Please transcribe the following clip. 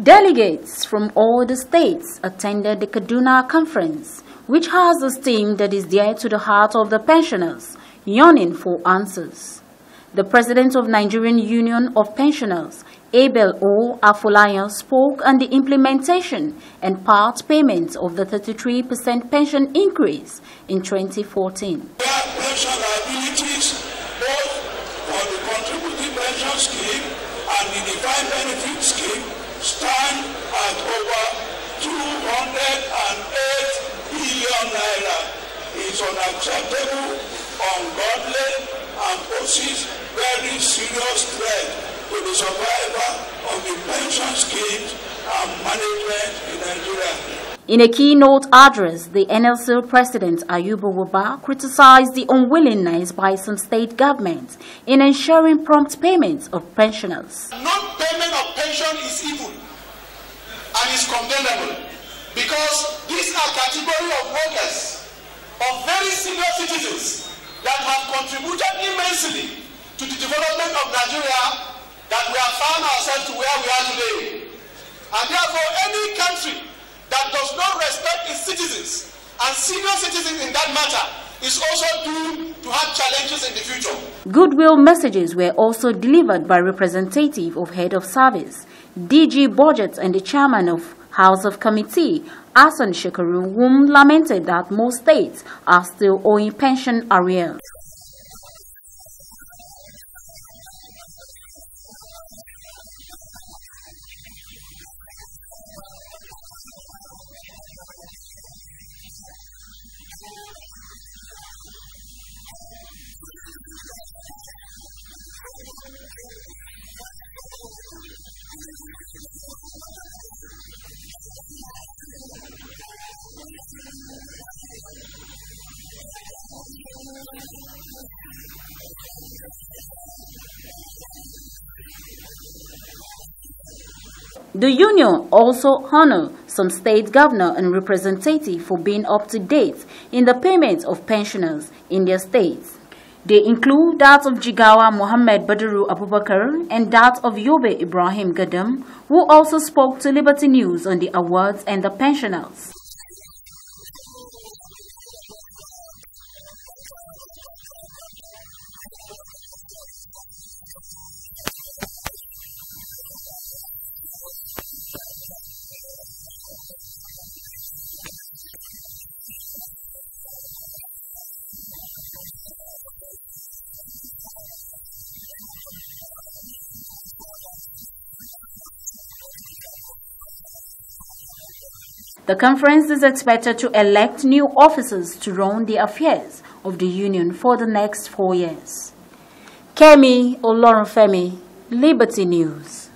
Delegates from all the states attended the Kaduna Conference, which has a theme that is dear to the heart of the pensioners, yearning for answers. The president of Nigerian Union of Pensioners, Abel O. Afolayan, spoke on the implementation and part payment of the 33% pension increase in 2014. Pension liabilities, both the pension scheme and the defined benefit scheme, stand at over 208 billion naira. It's unacceptable, ungodly, and poses very serious threat to the survival of the pension schemes and management in Nigeria. In a keynote address, the NLC President Ayuba Waba, criticized the unwillingness by some state governments in ensuring prompt payments of pensioners. Non-payment of pension is evil. is condemnable because these are category of workers of very senior citizens that have contributed immensely to the development of Nigeria that we have found ourselves to where we are today. And therefore, any country that does not respect its citizens and senior citizens in that matter is also doomed to have challenges in the future. Goodwill messages were also delivered by representative of head of service DG Budgets and the chairman of House of Committee, Asan Shekaru, lamented that most states are still owing pension arrears. The union also honoured some state governor and representative for being up to date in the payment of pensioners in their states. They include that of Jigawa Mohammed Badaru Abubakar and that of Yobe Ibrahim Gadam, who also spoke to Liberty News on the awards and the pensioners. The conference is expected to elect new officers to run the affairs of the union for the next four years. Kemi Olorunfemi, Liberty News.